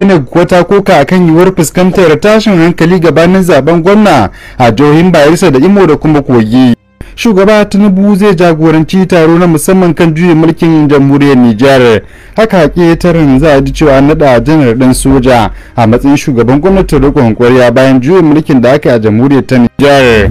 INEC kuwa ta koka akan yiwuwar fuskantar tashin hankali gabanin zaben gwamna a jihohin Bayelsa da Imo da kuma Kogi. Shugaba Tinubu zai jagoranci taro na musamman kan juyin mulkin jamhuriyar Nijar. Haka ƙetaren za a ji cewa an naɗa janar ɗan soja a matsayin shugaban gwamnatin riƙon kwarya bayan juyin mulkin da aka a jamhuriyar ta Nijar.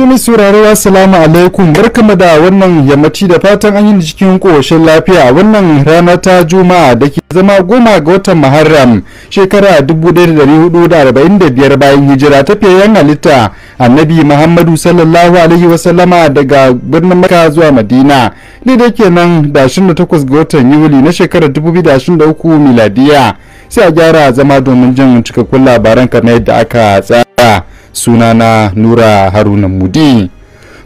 Tumi sauraro assalamu alaikum barkamu da wannan yammaci da fatan an yi cikin koshin lafiya wannan rana ta juma'a da ke zama goma ga watan muharram shekara 1445 bayan hijira ta yan halitta annabi muhammadu sallallahu alaihi wasallama daga birnin maka zuwa madina ne da ke nan da 28 ga watan yuli na shekarar 2023 miladiya sai a gyara zama domin jin cikakkun labaran kamar yadda aka tsara sunana nura haruna mudi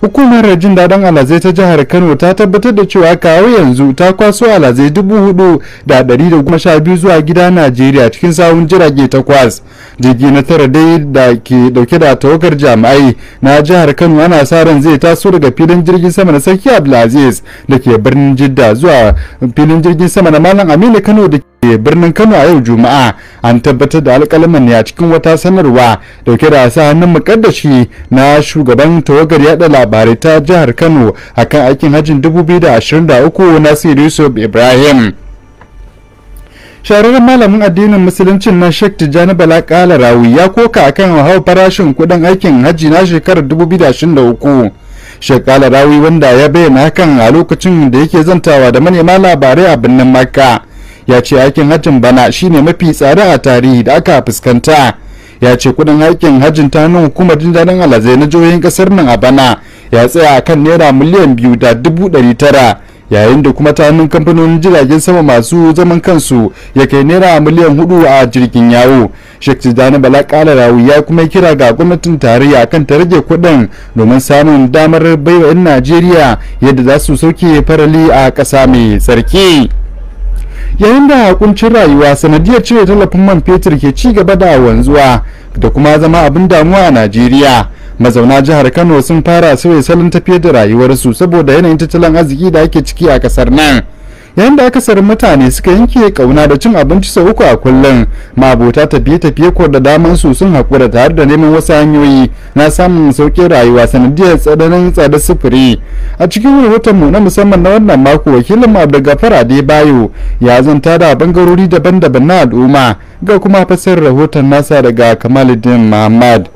hukumar jin daɗin alazai ta jihar kano ta tabbatar da cewa kawo yanzu ta kwaso alazai dubu hudu da ɗari da goma sha biyu zuwa gida najeriya cikin sawun jirage takwas jirgi na tara dai da ke dauke da tawagar jami'ai na jihar kano ana sa ran zai taso daga filin jirgin sama na sarki abdulaziz da ke birnin jidda zuwa filin jirgin sama na malam aminu kano da ke. birnin kano a yau juma'a an tabbatar da alƙalaman ne a cikin wata sanarwa dauke da sa hannun mukaddashi na shugaban tawagar yada labarai ta jihar kano akan aikin hajjin 2023 nasiru yusuf ibrahim shahararren malamin addinin musuluncin na Sheikh Tijjani Bala Kala Rawi ya koka akan hawa farashin kuɗin aikin hajji na shekarar 2023. shekala Rawi wanda ya bayyana hakan a lokacin da yake zantawa da manema labarai a birnin Makka. ya ce aikin hajjin bana shine mafi tsari a tarihi da aka fuskanta ya ce kudin aikin hajjin ta nan hukumar jin alaze na jihohin kasar nan a bana ya tsaya a kan naira miliyan biyu da dubu ɗari tara yayin da kuma ta kamfanonin jiragen sama masu zaman kansu ya kai naira miliyan hudu a jirgin yawo shek Tijjani Bala Kala rawu ya kuma kira ga gwamnatin tarayya kan ta rage kuɗin domin samun damar baiwa 'yan Najeriya yadda za su sauke farali a ƙasa mai tsarki. yayin da kuncin rayuwa sanadiyar cire tallafin man fetur ke ci gaba da wanzuwa da kuma zama abin damuwa a najeriya mazauna jihar kano sun fara sauya salon tafiyar da rayuwarsu saboda yanayin tattalin arziki da ake ciki a kasar nan yayin da akasarin mutane suka yanke kauna da cin abinci sau uku a kullum mabota tafiye-tafiye ko da daman su sun haƙura tare da neman wasu hanyoyi na samun sauƙin rayuwa sanadiyar tsananin tsada sufuri a cikin rahoton mu na musamman na wannan mako wakilin mu abdulgafar adebayo ya zanta da bangarori daban-daban na al'umma ga kuma fasar rahoton nasa daga kamaluddin muhammad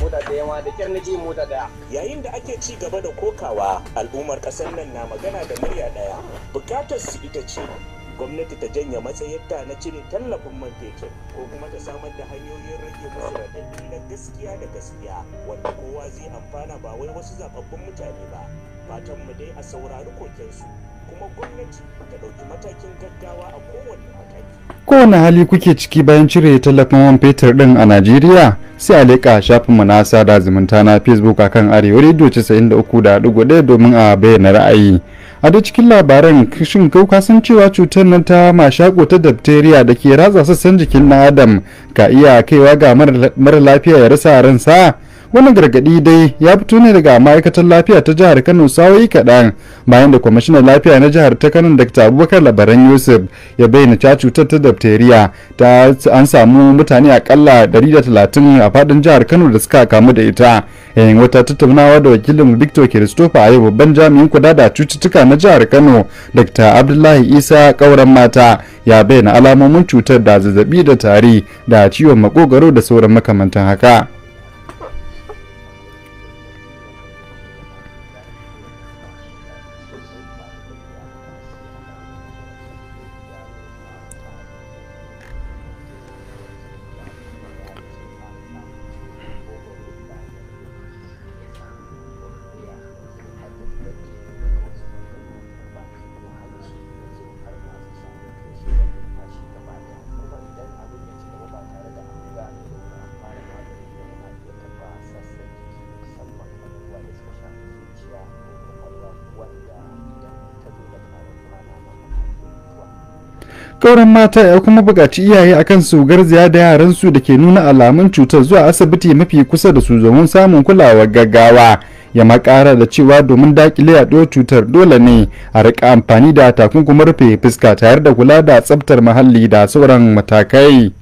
mota da yawa da kyar naje mota daya yayin da ake ci gaba da kokawa al'ummar kasar nan na magana da murya daya bukatar su ita ce gwamnati ta janye matsayinta na cire tallafin man fetur ko kuma ta samar da hanyoyin rage musu radadi na gaskiya da gaskiya wanda kowa zai amfana ba wai wasu zababbun mutane ba fatan mu dai a saurari kokensu kuma gwamnati ta ɗauki matakin gaggawa a kowanne mataki kowane hali kuke ciki bayan cire tallafin man fetur din a Najeriya sai a leƙa shafinmu na sada zumunta na Facebook akan Arewa Radio 93.1 domin a bayyana ra'ayi. A da cikin labaran shin kau san cewa cutar nan ta mashako ta dabteriya da ke ratsa sassan jikin na Adam ka iya kaiwa ga mara lafiya ya rasa ransa. wannan gargadi dai ya fito ne daga ma'aikatar lafiya ta jihar kano sawayi kaɗan bayan da kwamishinan lafiya na jihar ta kano dr abubakar labaran yusuf ya bayyana ta cutar ta dafteriya ta an samu mutane akalla talatin a faɗin jihar kano da suka kamu da ita yayin eh, wata tattaunawa da wakilin victor christopher a yau babban jami'in kuda da cututtuka na jihar kano dr abdullahi isa kauran mata ya bayyana alamomin cutar da zazzabi da tari da ciwon makogaro da sauran makamantan haka. mata ya kuma buƙaci iyaye akan su garziya da yaransu da ke nuna alamun cutar zuwa asibiti mafi kusa da su domin samun kulawar gaggawa ya makara da cewa domin dakile yaɗuwar cutar dole ne a rika amfani da takunkumin rufe fuska tare da kula da tsabtar muhalli da sauran matakai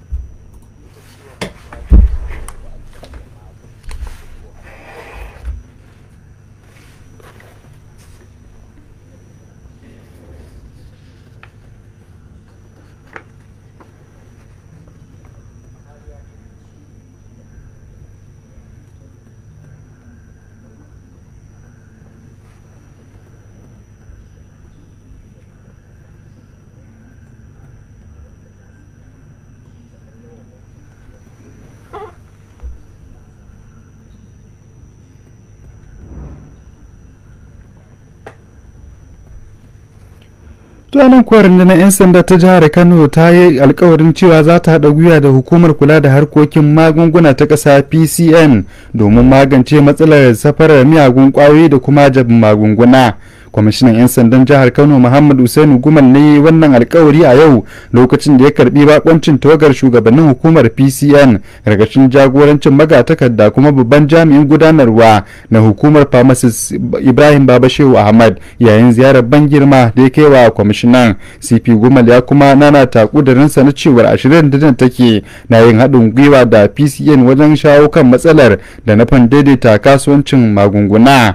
ranar kuwa na 'yan sanda ta jihar kano ta yi alkawarin cewa za ta haɗa gwiwa da hukumar kula da harkokin magunguna ta ƙasa pcn domin magance matsalar safarar miyagun ƙwayoyi da kuma jabin magunguna kwamishinan 'yan sandan jihar kano muhammad usainu gumal ne wannan alkawari a yau lokacin da ya karbi bakoncin tawagar shugabannin hukumar pcn gargashin jagorancin magatakarda kuma babban jami'in gudanarwa na hukumar pharmacist ibrahim babashehu ahmad yayin ziyarar ban girma da ya kai wa kwamishinan cp gumal ya kuma nana takudarinsa na cewar ashirin da take na yin haɗin gwiwa da pcn wajen shawo kan matsalar da nufin daidaita kasuwancin magunguna.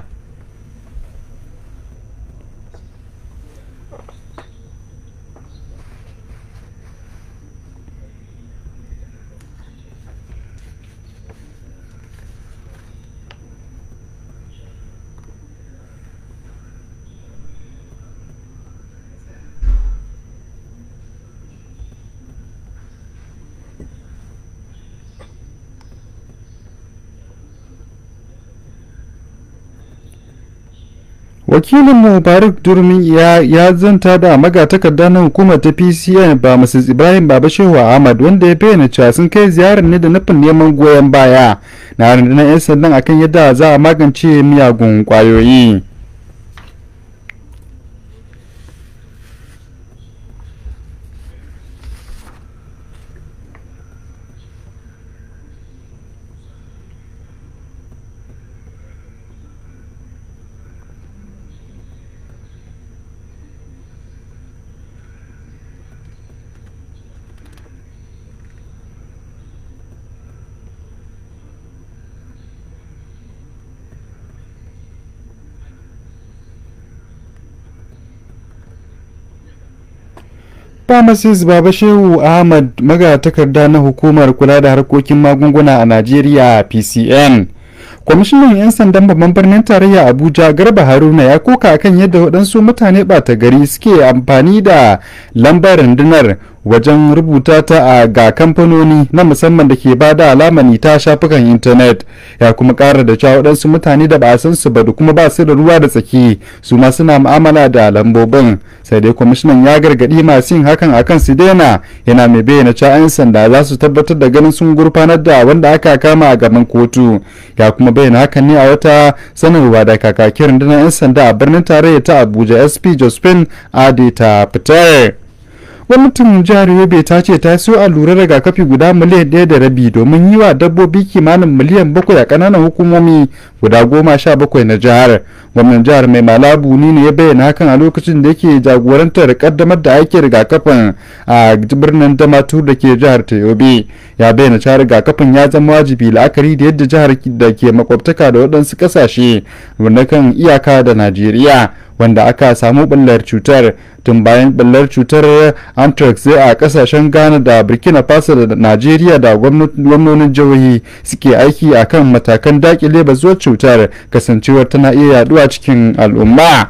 wakilin mu faruk durmi ya zanta da magatakarda na hukumar ta pcn ba mrs ibrahim baba shehu ahmad wanda ya bayyana cewa sun kai ziyarar ne da nufin neman goyon baya na rundunar 'yan sandan akan yadda za a magance miyagun kwayoyi Pharmacist Baba Shehu Ahmad magatakarda na hukumar kula da harkokin magunguna a Najeriya PCN. Kwamishinan 'yan sandan babban birnin tarayya Abuja Garba Haruna ya koka akan yadda waɗansu mutane ɓata gari suke amfani da lambar rundunar wajen rubuta ta a ga kamfanoni na musamman da ke ba da alamani ta shafukan intanet ya kuma ƙara da cewa waɗansu mutane da ba a san su ba da kuma ba su da ruwa da tsaki su ma suna mu'amala da lambobin sai dai kwamishinan ya gargaɗi masu yin hakan akan su daina yana mai bayyana cewa 'yan sanda za su tabbatar da ganin sun gurfanar da wanda aka kama a gaban kotu ya kuma bayyana hakan ne a wata sanarwa da kakakin rundunar 'yan sanda a birnin tarayya ta abuja sp josephine adeta fitar gwamnatin jihar yobe ta ce ta siyo allurar rigakafi guda miliyan ɗaya da rabi domin yi wa dabbobi kimanin miliyan bakwai a ƙananan hukumomi guda goma sha bakwai na jihar gwamnan jihar mai malabu ni ne ya bayyana hakan a lokacin da yake jagorantar kaddamar da aikin rigakafin a birnin damatu da ke jihar ta yobe ya bayyana cewa rigakafin ya zama wajibi la'akari da yadda jihar da ke makwabtaka da waɗansu ƙasashe kan iyaka da najeriya wanda aka samu bullar cutar tun bayan bullar cutar anthrax a kasashen ghana da burkina faso da nigeria da gwamnonin jihohi suke aiki a kan matakan dakile bazuwar cutar kasancewar tana iya yaduwa cikin al'umma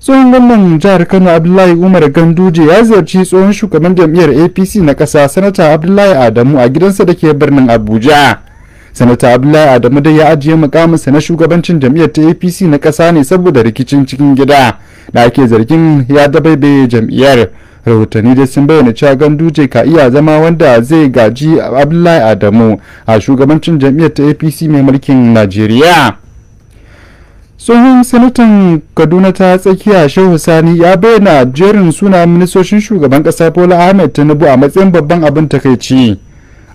tsohon gwamnan jihar kano abdullahi umar ganduje ya ziyarci tsohon shugaban jam'iyyar apc na ƙasa sanata abdullahi adamu a gidansa da ke birnin abuja sanata abdullahi adamu dai ya ajiye sa na shugabancin jam'iyyar ta apc na ƙasa ne saboda rikicin cikin gida da ake zargin ya dabaibaye jam'iyyar rahotanni dai sun bayyana cewa ganduje ka iya zama wanda zai gaji abdullahi adamu a shugabancin jam'iyyar ta apc mai mulkin najeriya tsohon sanatan kaduna ta tsakiya shehu sani ya bayyana jerin suna ministocin shugaban kasa bola ahmed tinubu a matsayin babban abin takaici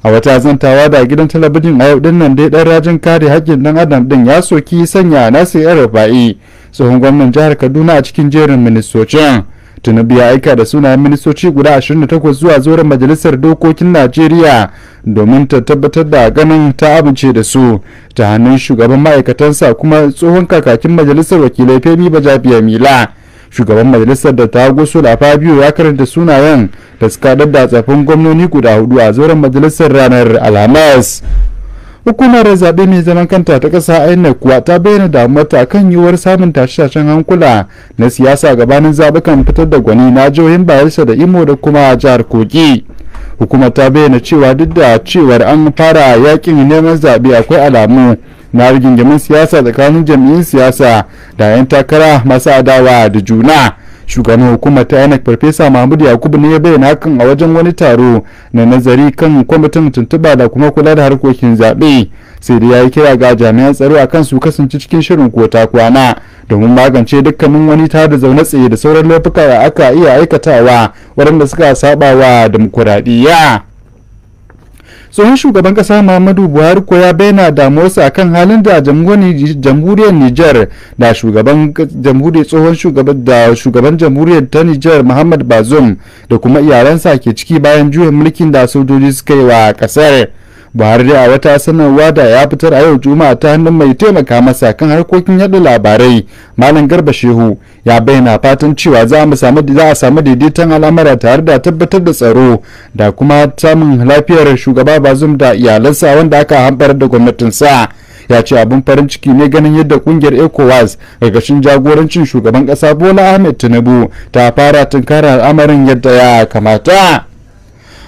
a wata zantawa da gidan talabijin a yau nan dai dan rajin kare haƙƙin dan adam din ya soki sanya nasu yan rufa'i tsohon gwamnan jihar kaduna a cikin jerin ministocin tunubu ya aika da sunayen ministoci guda 28 zuwa zoren majalisar dokokin najeriya domin ta tabbatar da ganin ta amince da su ta hannun shugaban ma'aikatansa kuma tsohon kakakin majalisar wakilai femi bajabiya mila shugaban majalisar da ta gusula fabio ya karanta sunayen da suka da tsafin gwamnoni guda hudu a zauren majalisar ranar alhamis hukumar zaɓe mai zaman kanta ta ƙasa inec kuwa ta bayyana damuwarta kan yiwuwar samun tashe-tashen hankula na siyasa gabanin zaɓukan fitar da gwani na jihohin bayelsa da imo da kuma jihar kogi hukumar ta bayyana cewa duk da cewar an fara yakin neman zaɓe akwai alamu na rigingimin siyasa tsakanin jam'iyyun siyasa da 'yan takara masu adawa da juna shugaban hukumar ta inec farfesa mahmud yakubu ne ya bayyana hakan a wajen wani taro na nazari kan kwamitin tuntuɓa da kuma kula da harkokin zaɓe sai da ya yi kira ga jami'an tsaro a kan su kasance cikin shirin kota kwana domin magance dukkanin wani da zaune tsaye da sauran laifuka da aka iya aikatawa waɗanda suka saɓawa wa dimokuraɗiyya. tsohon shugaban kasa muhammadu buhari ko ya bayyana damuwarsa akan halin da jamhuriyar niger da shugaban jamhuriyar tsohon shugaban da shugaban jamhuriyar ta niger muhammad bazoum da kuma iyalansa ke ciki bayan juyin mulkin da sojoji suka yi wa kasar buhari dai a wata sanarwa da ya fitar a yau juma'a ta hannun mai taimaka masa kan harkokin yaɗa labarai malam garba shehu ya bayyana fatan cewa za mu a samu daidaiton alamara tare da tabbatar da tsaro da kuma samun lafiyar shugaba bazum da iyalansa wanda aka hambar da gwamnatinsa ya ce abin farin ciki ne ganin yadda kungiyar ecowas gargashin jagorancin shugaban kasa bola ahmed tinubu ta fara tunkarar al'amarin yadda ya kamata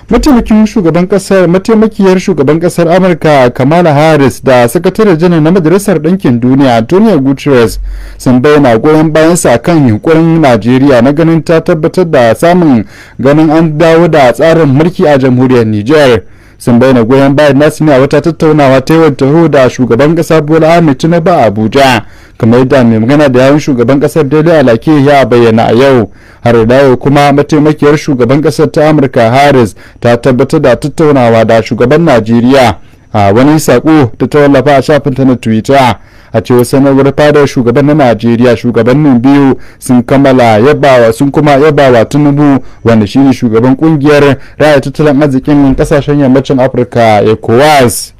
mataimakin shugaban kasar mataimakiyar shugaban kasar amurka kamala harris da sakataren janar na majalisar ɗinkin duniya antonio guterres sun bayyana goyon bayan bayansa kan yunkurin najeriya na ganin ta tabbatar da samun ganin an dawo da tsarin mulki a jamhuriyar niger sun bayyana goyon bayan nasu ne a wata tattaunawa ta yawan taho da shugaban kasa bola ahmed tinubu a abuja kamar yadda mai magana da yawun shugaban kasar daidai alake ya bayyana a yau har dawo kuma mataimakiyar shugaban kasar ta amurka harris ta tabbatar da tattaunawa da shugaban najeriya a wani saƙo ta tallafa a ta na twitter a cewar sanarwar fadar shugaban na najeriya shugabannin biyu sun kammala yabawa sun kuma yabawa tunubu wanda shine shugaban kungiyar raya tattalin arzikin kasashen yammacin afirka ecowas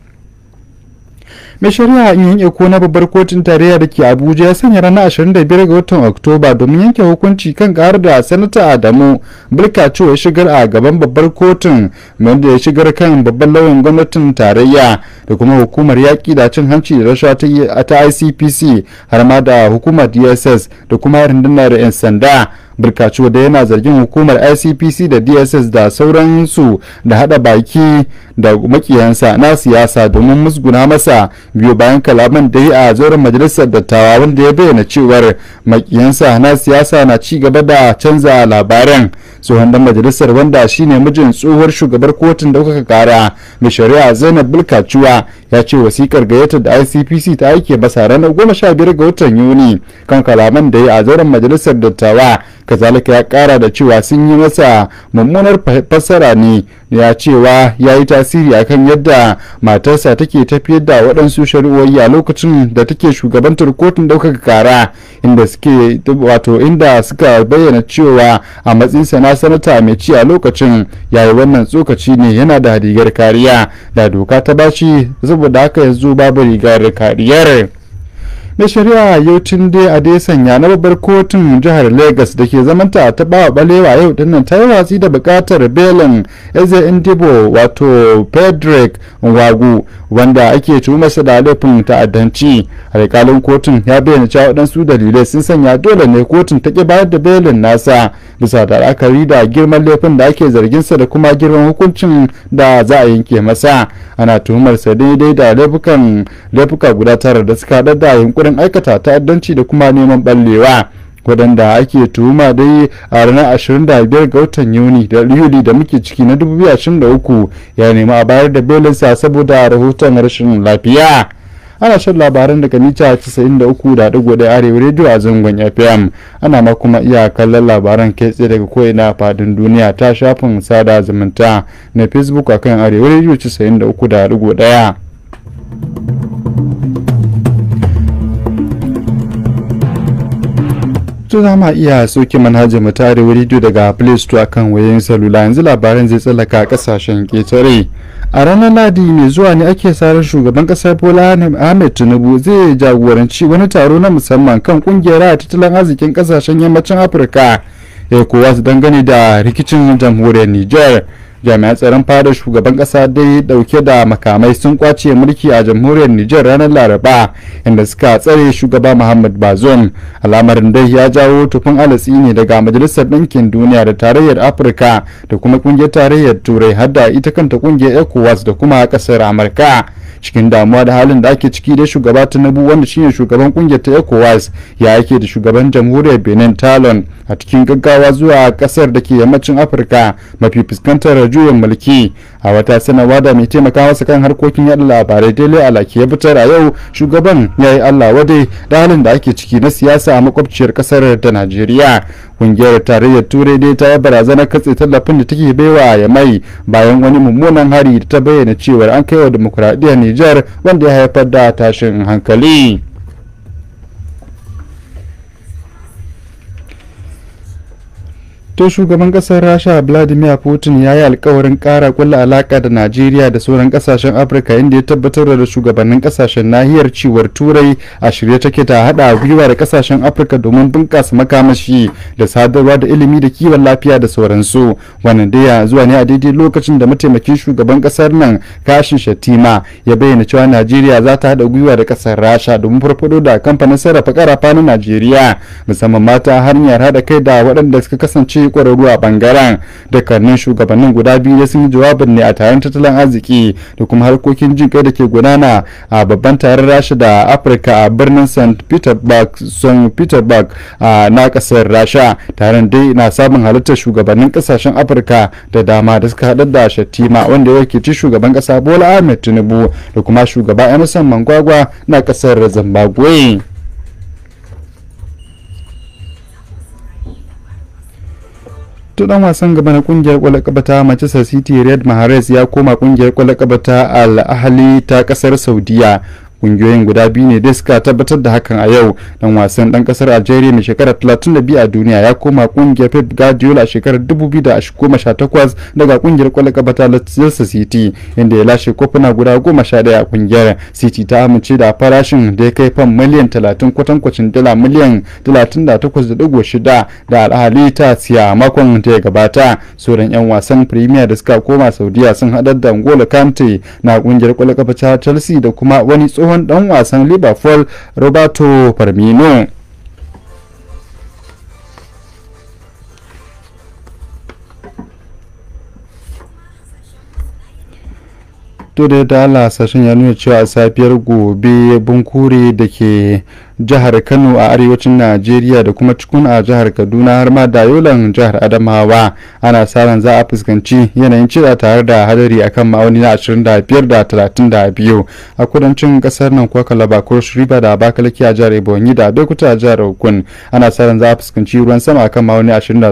mai shari'a yin yanke na babbar kotun tarayya da ke abuja ya sanya ranar 25 ga watan oktoba domin yanke hukunci kan kar da sanata adamu bilkacu ya shigar a gaban babbar kotun wanda ya shigar kan babban lauyan gwamnatin tarayya da kuma hukumar yaƙi da cin hanci da rashawa ta icpc har ma da hukumar dss da kuma rundunar 'yan sanda birkaci da yana zargin hukumar icpc da dss da sauransu da hada baki da makiyansa na siyasa domin musguna masa biyu bayan kalaman da yi a zauren majalisar dattawa wanda ya bayyana cewar makiyansa na siyasa na ci gaba da canza labaran tsohon dan majalisar wanda shine mijin tsohuwar shugabar kotun daukaka kara mai shari'a zainab bulkacuwa ya ce wasikar gayyatar da icpc ta aike basa ranar goma sha biyar ga watan yuni kan kalaman da ya a zauren majalisar dattawa kazalika ya kara da cewa sun yi masa mummunar fassara ne ya cewa ya yi tasiri akan yadda matarsa take tafiyar da waɗansu shari'o'i a lokacin da take shugabantar kotun ɗaukaka kara inda wato inda suka bayyana cewa a matsayin amma sanata mai ci a lokacin yayi wannan tsokaci ne yana da rigar kariya da doka ta bashi saboda haka yanzu babu rigar kariyar na shari'a tun dai a sanya na babbar kotun jihar lagos da ke zamanta ta bawa balewa yau nan ta yi watsi da bukatar belin eze indibo wato frederick wagu wanda ake tuhumarsa da laifin ta'addanci alƙalin kotun ya bayyana cewa waɗansu dalilai sun sanya dole ne kotun ta ƙi bayar da belin nasa bisa da la'akari da girman laifin da ake zarginsa da kuma girman hukuncin da za a yanke masa ana tuhumarsa daidai da laifukan laifuka guda tara da suka haɗar da yunkurin kokarin aikata ta'addanci da kuma neman ballewa waɗanda ake tuhuma dai a ranar 25 ga watan yuni da yuli da muke ciki na 2023 ya nemi a bayar da belinsa saboda rahoton rashin lafiya ana shan labaran daga mita 93.1 arewa rediyo a zangon fm ana ma kuma iya kallon labaran kai tsaye daga ko'ina fadin duniya ta shafin sada zumunta na facebook akan arewa rediyo 93.1 to za ma iya soke manhajar mu ta arewa rediyo daga play store kan wayoyin salula yanzu labaran zai tsallaka kasashen ketare a ranar ladi mai zuwa ne ake sarar shugaban kasar bola ahmed tinubu zai jagoranci wani taro na musamman kan kungiyar tattalin arzikin kasashen yammacin afirka ya eh, kowa su dangane da rikicin jamhuriyar niger jami'an tsaron fadar shugaban kasa dai dauke da makamai sun kwace mulki a jamhuriyar niger ranar laraba inda suka tsare shugaba muhammad bazon al'amarin dai ya jawo tufin alatsi ne daga majalisar ɗinkin duniya da tarayyar afirka da kuma kungiyar tarayyar turai hadda ita kanta kungiyar ecowas da kuma kasar amurka cikin damuwa da halin da ake ciki da shugaba ta tinubu wanda shine shugaban kungiyar ta ecowas ya yake da shugaban jamhuriyar benin talon a cikin gaggawa zuwa kasar da ke yammacin afirka mafi fuskantar juyin mulki a wata sanarwa da mai taimaka masa kan harkokin yada labarai daily alaki ya fitar a yau shugaban ya yi allah wadai da halin da ake ciki na siyasa a makwabciyar kasar da najeriya kungiyar tarayyar turai dai ta yi barazanar katse tallafin da take baiwa ya mai bayan wani mummunan hari da ta bayyana cewar an kai wa demokuraɗiyyar nijar wanda ya haifar da tashin hankali to shugaban kasar rasha vladimir putin ya yi alkawarin kara kulla alaka da najeriya da sauran kasashen afirka inda ya tabbatar da shugabannin kasashen nahiyar ciwar turai a shirye take ta hada gwiwa da kasashen afirka domin bunkasa makamashi da sadarwa da ilimi da kiwon lafiya da sauransu wannan daya zuwa ne a daidai lokacin da mataimakin shugaban kasar nan kashin shatima ya bayyana cewa najeriya za ta hada gwiwa da kasar rasha domin farfado da kamfanin sarrafa karafa na najeriya musamman mata hanyar hada kai da waɗanda suka kasance kwararru a bangaren dakarnin shugabannin guda biyu da sun yi jawabin ne a taron tattalin arziki da kuma harkokin jin kai da ke gudana a babban taron rasha da afirka a birnin st peterburg st na kasar rasha taron dai na samun halittar shugabannin kasashen afirka da dama da suka haɗar da shatima wanda ya ci shugaban kasa bola ahmed tinubu da kuma shugaba emerson mangwagwa na kasar zimbabwe to dan wasan gaba na kungiyar kwallon kafa ta Manchester City red Mahrez ya koma kungiyar kwallon kafa ta Al Ahli ta kasar Saudiya kungiyoyin guda biyu ne da suka tabbatar da hakan a yau dan wasan dan kasar algeria mai shekara 32 a duniya ya koma kungiyar pep guardiola a shekarar 2018 daga kungiyar kwallon kafa ta leicester city inda ya lashe kofuna guda 11 a kungiyar city ta amince da farashin da ya kai fam miliyan 30 kwatankwacin dala miliyan 38.6 da alhali ta siya makon da ya gabata sauran yan wasan premier da suka koma saudiya sun haɗar da angola kante na kungiyar kwallon kafa ta chelsea da kuma wani tsoho. tsohon dan wasan liverpool roberto firmino to da ta Allah sashen ya nuna cewa safiyar gobe bunkure da ke jihar kano a arewacin najeriya da kuma cikun a jihar kaduna har ma da yolan jihar adamawa ana sa za a fuskanci yanayin cira tare da hadari akan ma'auni na 25 da 32 a kudancin kasar nan kuwa kalaba ko shiriba da bakalaki a jihar ebonyi da abeokuta a jihar ogun ana sa za a fuskanci ruwan sama akan ma'auni 28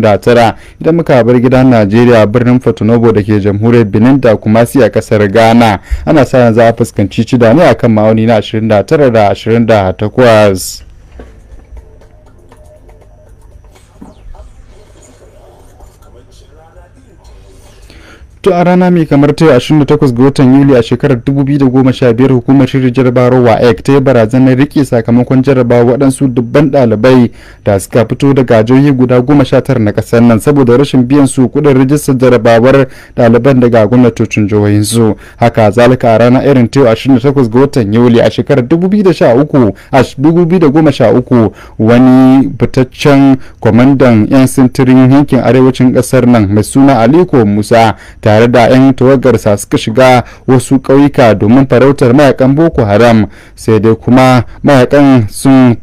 da 29 idan muka bar gidan najeriya birnin fatunobo da ke jamhuriyar benin da kumasi a kasar ghana ana sa za a fuskanci cidani akan ma'auni na 29 da da. yeah, azi. To a rana mai kamar ta 28 ga watan Yuli a shekarar 2015 hukumar shirin jarabawar wa ta yi barazanar rike sakamakon jarabawa waɗansu dubban ɗalibai da suka fito daga jihohi guda 19 na ƙasar nan saboda rashin biyan su kuɗin rijistar jarabawar ɗaliban daga gwamnatocin jihohin su. Haka zalika a rana irin ta 28 ga watan Yuli a shekarar 2013 wani fitaccen kwamandan 'yan sintirin yankin arewacin ƙasar nan mai suna Aliko Musa ta tare da 'yan tawagarsa suka shiga wasu ƙauyuka domin farautar mayakan boko haram sai dai kuma mayakan sun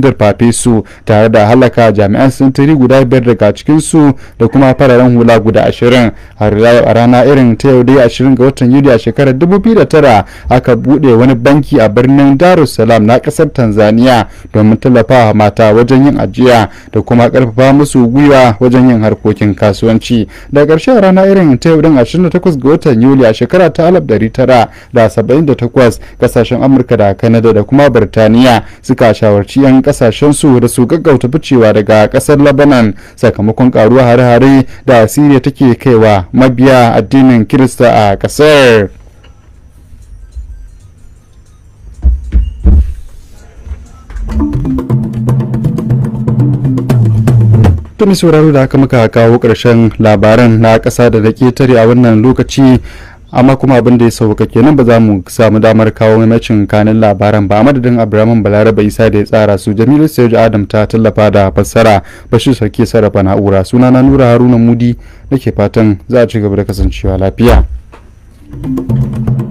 darfafe su tare da halaka jami'an sintiri guda biyar daga cikinsu da kuma fararen hula guda ashirin har a rana irin ta yau dai ashirin ga watan yuli a shekarar dubu biyu da tara aka buɗe wani banki a birnin darussalam na ƙasar tanzania domin tallafa mata wajen yin ajiya da kuma ƙarfafa musu gwiwa wajen yin harkokin kasuwanci da ƙarshen rana irin ta ta 28 ga watan Yuli a shekara ta 1978 kasashen Amurka da Kanada da kuma Birtaniya suka shawarci 'yan kasashen su da su gaggauta ficewa daga kasar Lebanon sakamakon karuwa hare-hare da Siriya take kaiwa mabiya addinin Kirista a kasar. ta mai sauraro da aka muka kawo karshen labaran na ƙasa da da ketare a wannan lokaci amma kuma abin da ya sauka kenan ba za mu samu damar kawo mamacin kanin labaran ba a madadin abraman balaraba isa da ya tsara su jamilu sayar adam ta tallafa da fassara bashir sarki sarrafa na'ura na nura haruna mudi nake fatan za a ci gaba da kasancewa lafiya thank you